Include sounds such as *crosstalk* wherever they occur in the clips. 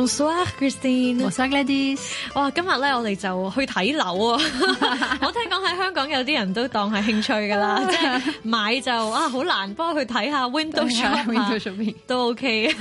莫 Kristine、Lady，哇！今日咧，我哋就去睇樓啊！ *laughs* 我聽講喺香港有啲人都當係興趣噶啦， *laughs* 即係買就啊好難，不過去睇下 *laughs* window 上 w i n d o w 面都 OK 的。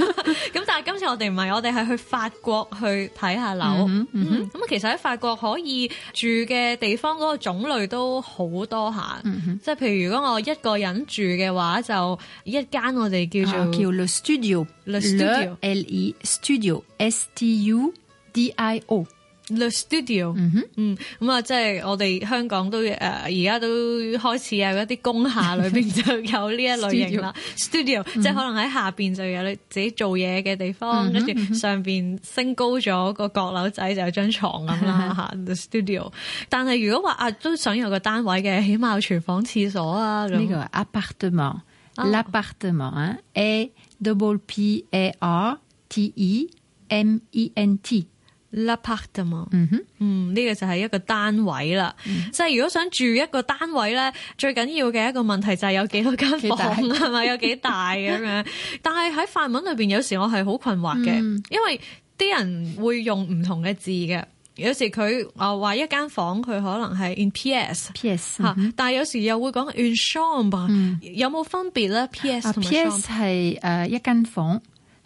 咁 *laughs* 但係今次我哋唔係，我哋係去法國去睇下樓。咁、mm-hmm, mm-hmm. 嗯、其實喺法國可以住嘅地方嗰個種類都好多下、啊。Mm-hmm. 即係譬如如果我一個人住嘅話，就一間我哋叫做叫、uh, Le Studio，Le Studio，L E Studio。Studio，the studio，嗯哼，嗯咁啊，即係我哋香港都誒，而家都開始有一啲工廈裏邊就有呢一類型啦。Studio 即係可能喺下邊就有你自己做嘢嘅地方，跟住上邊升高咗個閣樓仔就有張床咁啦。the studio，但係如果話啊都想有個單位嘅，起碼有廚房、廁所啊。呢個係 apartment，l apartment，a double p a r t i M E N T L'appartement m 嘛，嗯哼，mm-hmm. 嗯，呢、這個就係一個單位啦。Mm-hmm. 即係如果想住一個單位咧，最緊要嘅一個問題就係有多間幾多間房係咪有幾大咁樣？ *laughs* 但係喺法文裏邊，有時候我係好困惑嘅，mm-hmm. 因為啲人會用唔同嘅字嘅。有時佢啊話一間房，佢可能係 In P S P S 吓、mm-hmm.，但係有時候又會講 une chambre 吧。有冇分別咧？P S P S 係誒一間房。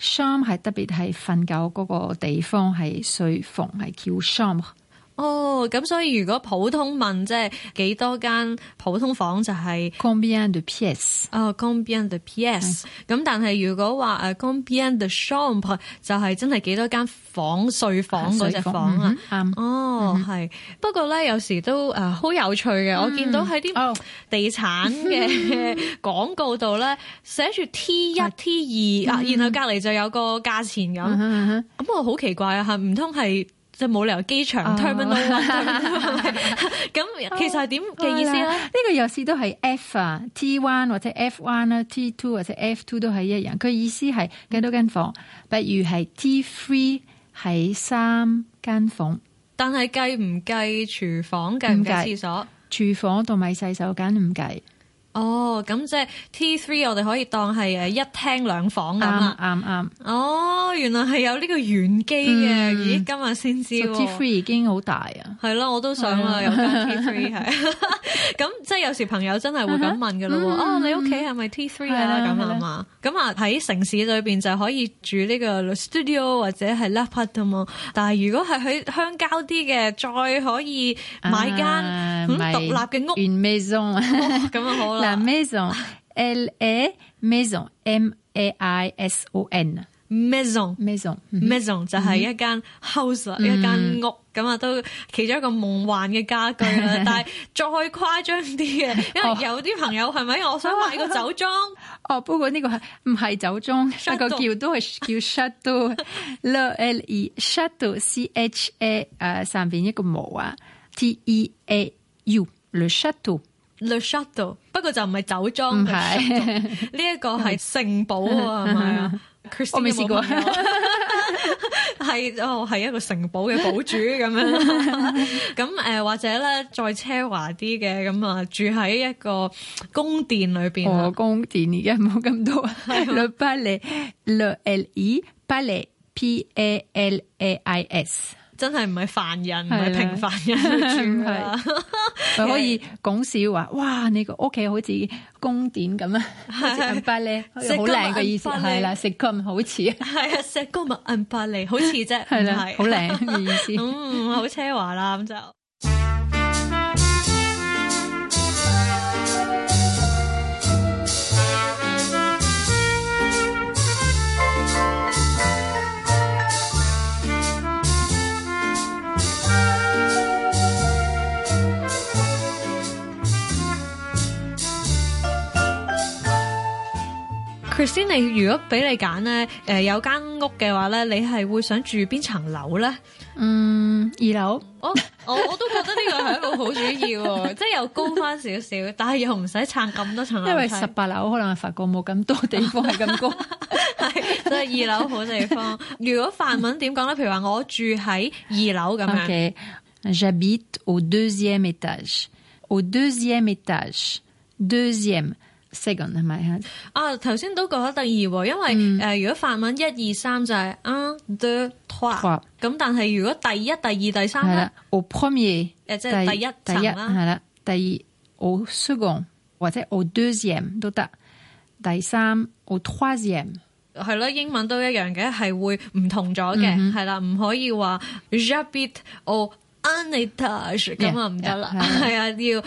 chambre 係特別係瞓覺嗰個地方係睡房，係叫 chambre。哦，咁所以如果普通問即係幾多間普通房就係，combien de pièces，咁但係如果話 combien de chambres 就係真係幾多間房間睡房嗰隻房啊？哦，係、 *music* oh, mm-hmm. 不過咧，有時都誒好、呃、有趣嘅，mm-hmm. 我見到喺啲地產嘅廣告度咧寫住 T 一 T 二啊，然後隔離就有個價錢咁，咁、mm-hmm. 我好奇怪啊嚇，唔通係？即係冇理由機場 terminal 咁，oh. Terminal 1, Terminal 1, *laughs* *laughs* 其實係點嘅意思咧？呢、oh, right. 個有時都係 F 啊、T one 或者 F one 啊 T two 或者 F two 都係一樣。佢意思係幾多間房？不、mm. 如係 T three 係三間房，但係計唔計廚房？計唔計廁所？廚房同埋洗手間唔計。算哦，咁即係 T three，我哋可以當係誒一廳兩房咁啦。啱啱。哦，原來係有呢個玄機嘅，咦，今日先知。T three 已經好大啊。係咯，我都想、啊、啦，有間 T three 係。咁 *laughs* *laughs* 即係有時朋友真係會咁問噶咯。哦、uh-huh, 啊嗯啊，你屋企係咪 T three 啊？咁咁啊，喺城市裏邊就可以住呢個 studio 或者係 l'appartement 嘛。但係如果係喺鄉郊啲嘅，再可以買間獨立嘅屋。une maison。Maison，Maison，Maison 就係一間 house、嗯、一間屋咁啊，都其中一個夢幻嘅家居啦、嗯。但係再誇張啲嘅， *laughs* 因為有啲朋友係咪？哦、是是我想買個酒莊。哦，哦哦哦哦哦，這不過呢個係唔係酒莊， *laughs* 一個叫都係叫 Chateau，L-L-E，Chateau，C-H-A 誒，想 *laughs* 唔 C-H-A,、uh, 上面一個毛啊？T-E-A-U a Le Chateau Le Chateau，不過就唔係酒莊，呢一 *laughs* 個係城堡啊，係咪啊？ *laughs* *laughs* 我未試過，係哦，係一個城堡嘅堡主咁樣，咁誒或者咧再奢華啲嘅，咁啊住喺一個宮殿裏邊。個宮殿而家冇咁多。Le palais, le eli palais, p a l a i s。真係唔係凡人，唔係平凡人，人，佢 *laughs* *laughs* 可以講笑話。哇！你個屋企好似宮殿咁樣，好似銀百呢，好靚嘅意思係啦，石昆好似係啊，石昆咪銀百呢，好似啫，係啦，好靚嘅意思，嗯，好奢華啦咁就。先你如果俾你揀咧，誒有間屋嘅話咧，你係會想住邊層樓咧？嗯，二樓、oh。 *laughs* 我我我都覺得呢個係一個好主要，即 *laughs* 係又高翻少少，但係又唔使撐咁多層樓。因為十八樓可能我發覺冇咁多地方係咁高，係所以二樓好地方。如果法文點講咧？譬如話我住喺二樓咁嘅 J'habite au deuxième étage. Au deuxième étage. Deuxième. s e 咪啊？頭先都講第二喎，因為誒、嗯呃，如果法文一二三就係 t 咁，但係如果第一、第二、第三咧，我 premier，、呃、即係第一層啦，係啦、啊，第二我 s u g o n d 或者我 d e u e m 都得，第三我 t r i s e m 係咯，英文都一樣嘅，係會唔同咗嘅，係、嗯、啦，唔可以話就了 yeah, yeah, right. étage". Yeah, 就我一樓，咁我唔得啦。係啊，呢個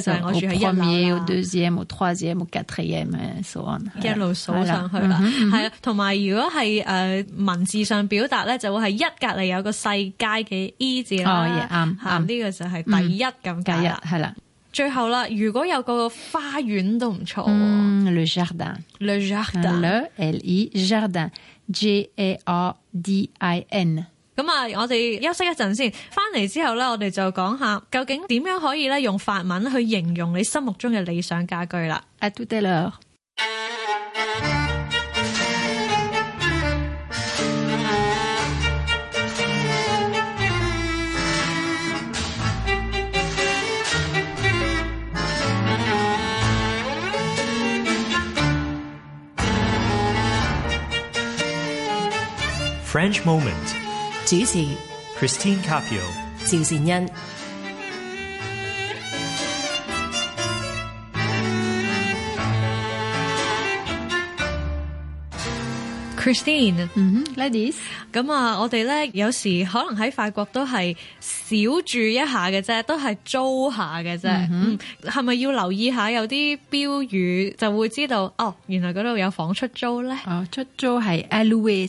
就係我住喺第一樓。第一樓，第二樓，第三樓，冇計睇嘢咩？數一，一路數上去啦。係、right, yeah, mm-hmm. 啊，同埋如果係誒、uh, 文字上表達咧，就會係一隔離有個世界嘅 E 字啦。啱啱，呢個就係第一咁解啦。係啦，最後啦，如果有個花園都唔錯。l、mm, le jardin。J A R D I N，咁啊，我哋休息一陣先，翻嚟之後咧，我哋就講下究竟點樣可以咧用法文去形容你心目中嘅理想家具啦。French moment 主持 Christine Capio 趙善恩 Christine，mm-hmm, ladies. 嗯，ladies，咁啊，uh, 我哋咧有時可能喺法國都係少住一下嘅啫，都係租一下嘅啫。嗯，係咪要留意一下有啲標語就會知道哦？Oh, 原來嗰度有房出租咧。哦、oh，出租係 louer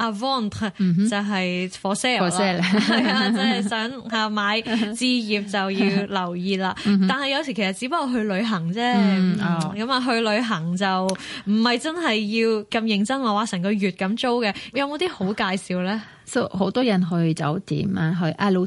阿 v a n t、mm-hmm. 就係 for sale 啦，係 *laughs* 啊，即、就、係、是、想嚇買置業就要留意啦。Mm-hmm. 但係有時其實只不過去旅行啫，咁、mm-hmm. 啊、嗯哦、去旅行就唔係真係要咁認真，我話成個月咁租嘅。有冇啲好介紹咧？所以好多人去酒店啊，去 a l o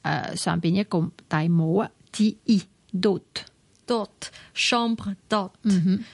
誒、呃、上邊一個大帽啊，T E dot dot chambre dot，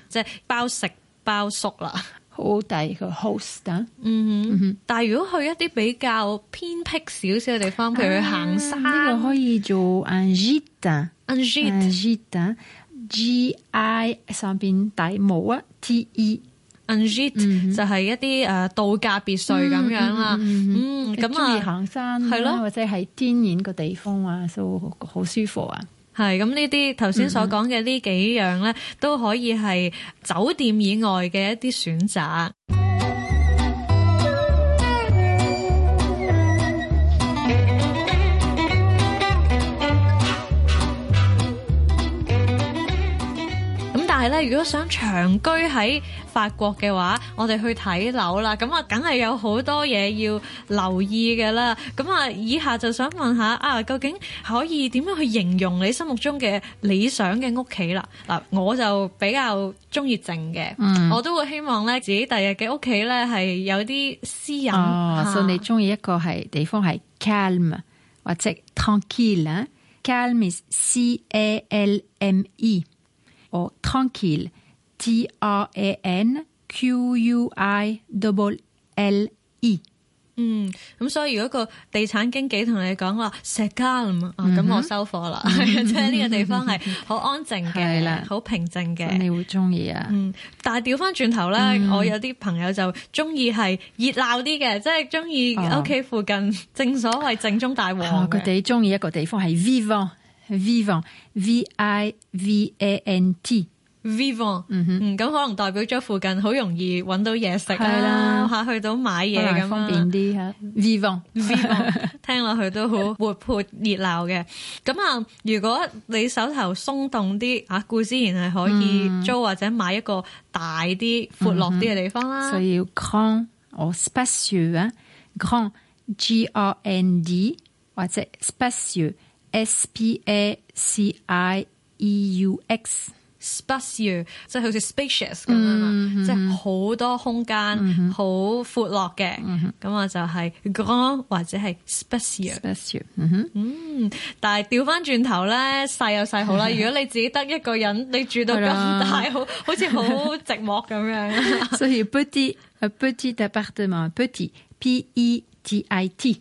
即係包食包宿啦。好，第二個 host，嗯，嗯，但係如果去一啲比較偏僻少少嘅地方，譬、嗯、如去行山，呢、嗯這個可以做 un gîte，un gîte，un gîte，G I G-I, 上邊大帽啊，T E。T-I, u n、mm-hmm. 就係一啲誒度假別墅咁樣啦，嗯，咁中意行山係、啊、咯、啊，或者喺天然個地方啊，都好舒服啊。係咁，呢啲頭先所講嘅呢幾樣咧，mm-hmm. 都可以係酒店以外嘅一啲選擇。咁 *music* 但係咧，如果想長居喺。法國嘅話，我哋去睇樓啦，咁啊，梗係有好多嘢要留意嘅啦。咁啊，以下就想問下啊，究竟可以點樣去形容你心目中嘅理想嘅屋企啦？嗱、啊，我就比較中意靜嘅，我都會希望咧，自己第日嘅屋企咧係有啲私隱、哦。所以你中意一個係地方係 calme，或者 tranquil 啊、嗯？calme 是 C-A-L-M-E，或 tranquil t r a n q u i double L E 嗯，咁所以如果個地產經紀同你講話，石家咁我收貨啦，即係呢個地方係好安靜嘅，好平靜嘅，你會中意啊。嗯，但係調翻轉頭咧，我有啲朋友就中意係熱鬧啲嘅，即係中意屋企附近，oh. 正所謂正宗大旺。佢哋中意一個地方係 vivant，vivant，v i v a n t。vivo，嗯哼，嗯，咁可能代表咗附近好容易揾到嘢食啦，嚇、嗯啊、去到買嘢咁方便啲嚇。嗯啊嗯、vivo，vivo，聽落去都好活潑熱鬧嘅。咁 *laughs* 啊，如果你手頭鬆動啲，啊，固之然係可以租或者買一個大啲、嗯、闊落啲嘅地方啦、啊。所以要 grand 或 spacieux 啊，grand g r n d 或者 spacieux s p a c i e u x。spacious 即係好似 spacious 咁樣啊，即係好多空間，好闊落嘅。咁啊就係 grand 或者係 spacieux。嗯哼，嗯，但係調翻轉頭咧，細有細好啦。如果你自己得一個人，你住到咁大，好似好寂寞咁樣。所以 petit，petit appartement，petit，p-e-t-i-t。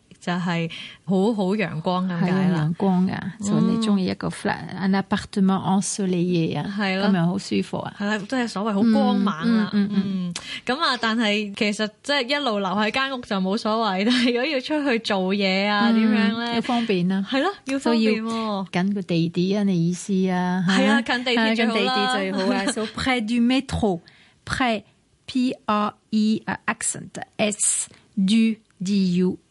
就係好好陽光咁解啦，陽光噶、啊。就、嗯、你中意一個 flat，an appartement ensoleillé 啊，咁樣好舒服啊。係啦，即係所謂好光猛啊。嗯嗯。咁、嗯、啊、嗯嗯嗯，但係其實即係一路留喺間屋就冇所謂，但係如果要出去做嘢啊，點、嗯、樣咧、啊？要方便啊，係、so、咯，要方便。跟個地鐵啊，你意思啊？係啊，近地鐵最好啦。啊好啊 *laughs* so、pre du metro, pre du、uh, métro, pre p r e accent s du d u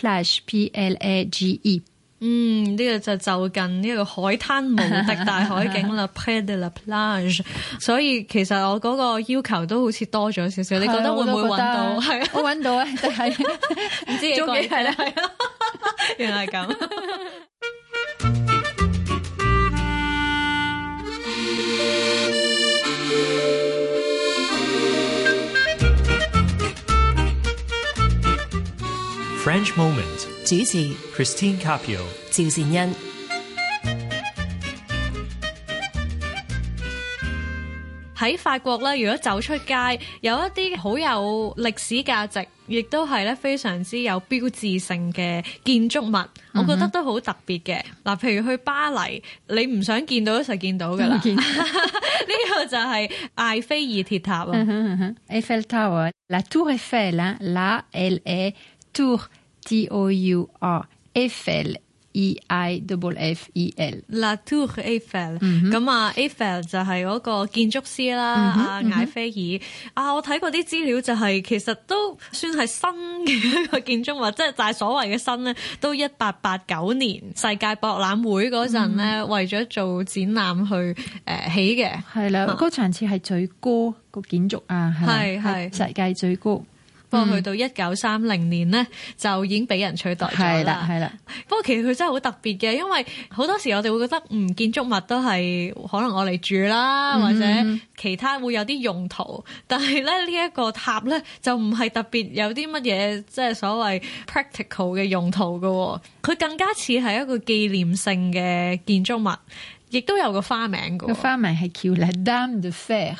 Plage，P L A G E。嗯，呢、這個就就近呢個海灘無敵大海景啦，Près de la plage。 *laughs* 所以其實我嗰個要求都好似多咗少少， *laughs* 你覺得會唔會搵到？係會 *laughs* *laughs* 搵到啊？就係唔知係 *laughs* *laughs* 原來咁。 *laughs* French Moment 主持 Christine Capio 趙善恩喺法國咧，如果走出街，有一啲好有歷史價值，亦都係咧非常之有標誌性嘅建築物，嗯，我覺得都好特別嘅。嗱，譬如去巴黎，你唔想見到都實見到噶啦。呢 *laughs* *laughs* 個就係埃菲爾鐵塔啦，嗯嗯，Eiffel Tower，La Tour Eiffel，La L E。塔，t o u r，f l e i w f e l。l 啦，Tour Afel。咁啊，埃菲爾就係嗰個建築師啦，阿、mm-hmm. 啊、艾菲爾。Mm-hmm. 啊，我睇過啲資料就係、是、其實都算係新嘅一個建築物，即係就係所謂嘅新咧，都一八八九年世界博覽會嗰陣咧，mm-hmm. 為咗做展覽去誒、呃、起嘅。係啦，嗰場次係最高個建築啊，係係世界最高。嗯、不過去到一九三零年咧，就已經俾人取代咗啦。係啦，係啦，不過其實佢真係好特別嘅，因為好多時我哋會覺得，唔建築物都係可能我嚟住啦、嗯，或者其他會有啲用途。但係咧，呢、這、一個塔咧就唔係特別有啲乜嘢，即係所謂 practical 嘅用途喎、哦。佢更加似係一個紀念性嘅建築物，亦都有個花名㗎、哦。個花名係叫、La、Dame de Fer。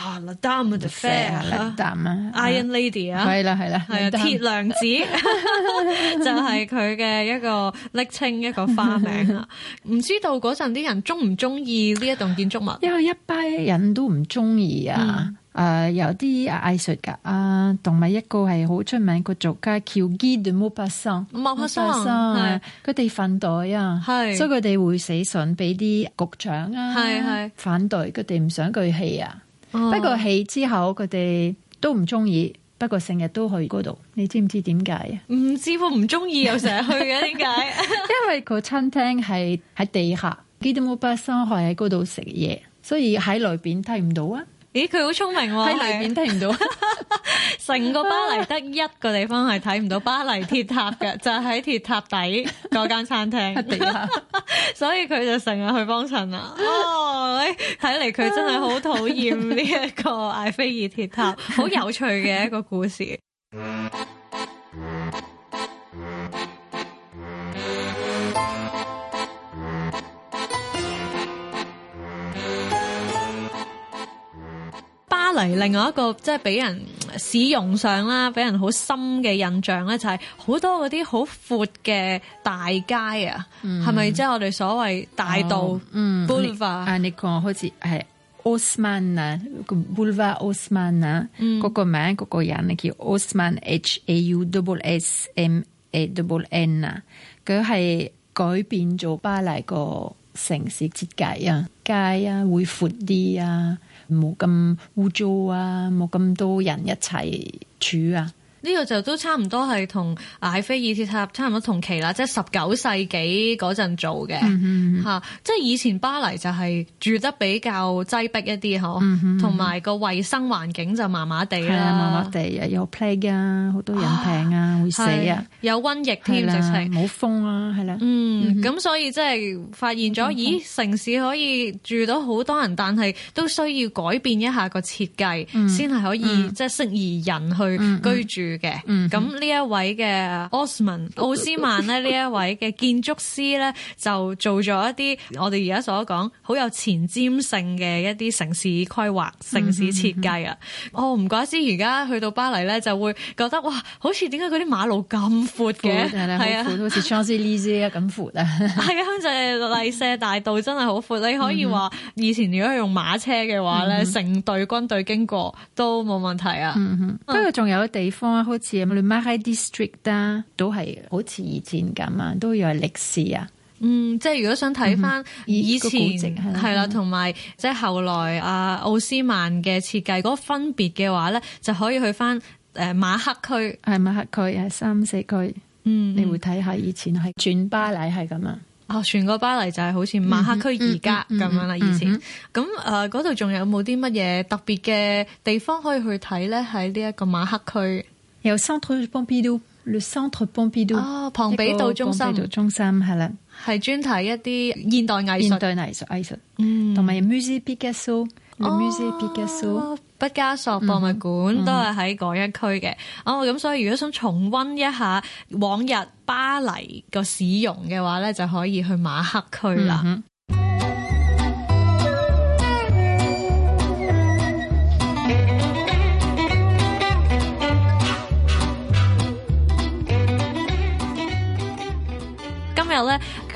啊，勒丹啊，the fair 啊，勒丹啊，Iron Lady 啊，係啦，係啦，係啊，鐵娘子 *laughs* *laughs* 就係佢嘅一個昵稱，一個花名唔 *laughs* 知道嗰陣啲人中唔中意呢一棟建築物？因為一班人都唔中意啊。誒、嗯呃，有啲藝術噶啊，同、嗯、埋一個係好出名個作家喬基杜莫帕桑、莫帕桑，佢哋反對啊，所以佢哋會寫信俾啲局長啊，係係反對，佢哋唔想佢氣啊。哦、不過起之後佢哋都唔中意，不過成日都去嗰度，你知唔知點解啊？唔知，我唔中意又成日去嘅，點 *laughs* 解？因為個餐廳係喺地下，幾乎冇乜人喺嗰度食嘢，所以喺裏邊睇唔到啊！咦，佢好聰明喎、啊，喺裏邊睇唔到。 *laughs* 成個巴黎得一個地方係睇唔到巴黎鐵塔嘅， *laughs* 就喺鐵塔底嗰間餐廳， *laughs* *laughs* 所以佢就成日去幫襯喇！ *laughs* 哦，睇嚟，佢真係好討厭呢一個艾菲爾鐵塔，好 *laughs* 有趣嘅一個故事。 *laughs* 巴黎另外一個即係俾人。使用上啦，俾人好深嘅印象咧，就係好多嗰啲好闊嘅大街啊，係咪即係我哋所謂大道？哦、嗯，Boulevard。啊，你講好似係奧斯曼啊，佢 Boulevard 奧斯曼啊，嗰個名嗰個人，你叫奧斯曼 H A U W S M A W N 啊，佢係改變咗巴黎個城市設計啊，街啊會闊啲啊。冇咁污糟啊！冇咁多人一齊住啊！呢、這個就都差唔多係同埃菲爾鐵塔差唔多同期啦，即係十九世紀嗰陣做嘅嚇。即、嗯、係、嗯、以前巴黎就係住得比較擠迫一啲呵，同、嗯、埋、嗯、個衛生環境就麻麻地啦，麻麻地又有 plague 啊，好多人病啊，會死啊，有瘟疫添，直情好風啊，係啦、啊。嗯，咁、嗯嗯、所以即係發現咗、嗯嗯嗯，咦，城市可以住到好多人，但係都需要改變一下個設計，先、嗯、係可以、嗯、即係適宜人去居住。嗯嘅、嗯，嗯，咁呢一位嘅奧斯曼奧斯曼咧，呢 *laughs* 一位嘅建築師咧，就做咗一啲我哋而家所講好有前瞻性嘅一啲城市規劃、嗯、城市設計啊。哦，唔怪之而家去到巴黎咧，就會覺得哇，好似點解啲馬路咁闊嘅，係啊，啊，好似 Champs-Élysées 啊咁闊啊。係 *laughs* 啊，就係、是、麗舍大道真係好闊，你可以話以前如果係用馬車嘅話咧，成、嗯、隊軍隊經過都冇問題啊。不過仲有地方。好似啊，你馬黑 district 啊？都係好似以前咁啊，都有歷史啊。嗯，即係如果想睇翻以前係啦，同、嗯、埋、嗯那個嗯、即係後來阿奧、啊、斯曼嘅設計嗰分別嘅話咧，就可以去翻誒馬黑區，係馬黑區，係三四區。嗯，你會睇下以前係、嗯、全巴黎係咁啊。哦，全個巴黎就係好似馬黑區而家咁樣啦。以前咁誒，嗰度仲有冇啲乜嘢特別嘅地方可以去睇咧？喺呢一個馬黑區？有桑托邦比都，桑托龐比都。哦，龐比道中心，中心係啦，係專睇一啲現代藝術，現代藝術藝術，嗯，同埋 Musée Picasso，哦，Musée Picasso，畢加索博物館都係喺嗰一區嘅。哦，咁所以如果想重溫一下往日巴黎個市容嘅話咧，就可以去馬克區啦。嗯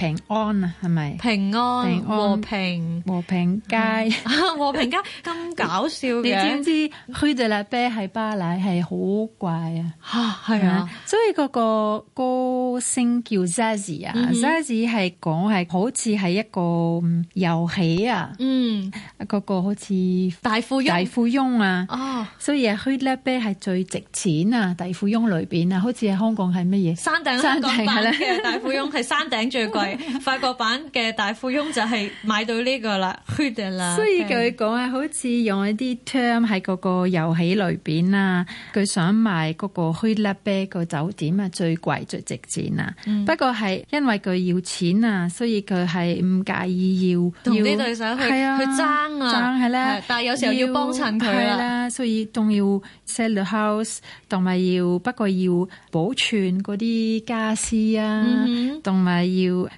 平安啊，係咪平安和平、和平街和平街，咁搞笑嘅？你知唔知？Rue de la Paix 喺巴黎係好貴啊！嚇係啊！所以嗰個歌星叫 Zazie 啊，Zazie 係講係好似係一個遊戲啊！嗯，嗰個好似大富翁、大富翁啊！哦，所以啊，Rue de la Paix 係最值錢啊！大富翁裏邊啊，好似喺香港係乜嘢？山頂、山頂嘅咧，大富翁係山頂最貴。 *laughs* 法國版嘅大富翁就係買到呢個啦，虛嘅啦。所以佢講啊，好似用一啲 term 喺嗰個遊戲裏邊啦，佢想買嗰個虛粒啤個酒店啊，最貴最值錢啊。嗯、不過係因為佢要錢啊，所以佢係唔介意要同呢對手去、啊、去爭啊。係咧、啊啊，但係有時候要幫襯佢啦，所以仲要 sell the house，同埋要不過要保存嗰啲家私啊，同、嗯、埋要。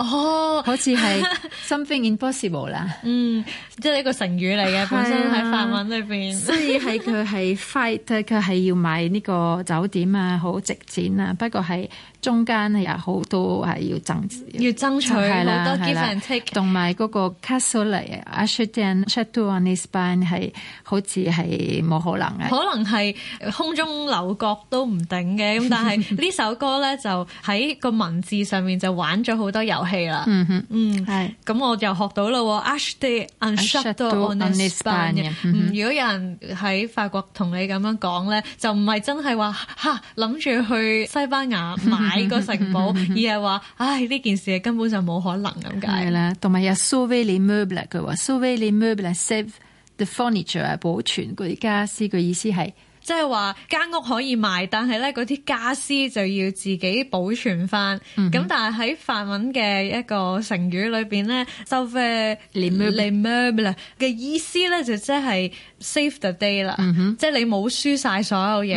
哦，好似係 something impossible 啦，嗯，即係一個成語嚟嘅，本身喺法文裏邊，所以係佢係 fight，佢係要買呢個酒店啊，好值錢啊，不過係。中間有好多係要爭，要爭取，係啦，係啦，同埋嗰個 Castle 嚟 des châteaux en Espagne 係好似係冇可能嘅，可能係空中樓閣都唔頂嘅。咁但係呢首歌咧 *laughs* 就喺個文字上面就玩咗好多遊戲啦。嗯、mm-hmm. 嗯，咁、yep. 我又學到喎、yeah. des châteaux en Espagne e 如果有人喺法國同你咁樣講咧，就唔係真係話哈諗住去西班牙買。睇 *laughs* 個城堡，而係話，唉，呢件事根本就冇可能咁解 *laughs* 。同埋要 save u 啲傢俬啊，佢話 save 啲傢俬啊，save the furniture 啊，保存嗰啲家私，佢意思係。即係話間屋可以賣，但係咧啲家私就要自己保存翻。咁、嗯、但係喺法文嘅一個成語裏邊咧，sauver les meubles 嘅意思咧就即、是、係 save the day 啦，即、嗯、係、就是、你冇輸晒所有嘢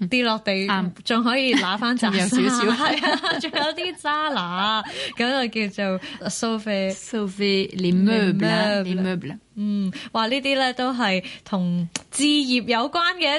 嘅跌落地，仲、嗯、可以拿翻 *laughs* 有少少，係 *laughs* 啊， *laughs* 仲有啲揸拿，咁 *laughs* 就叫做 *laughs* sauver fait les meubles，les *laughs* 嗯，話呢啲咧都係同置業有關嘅。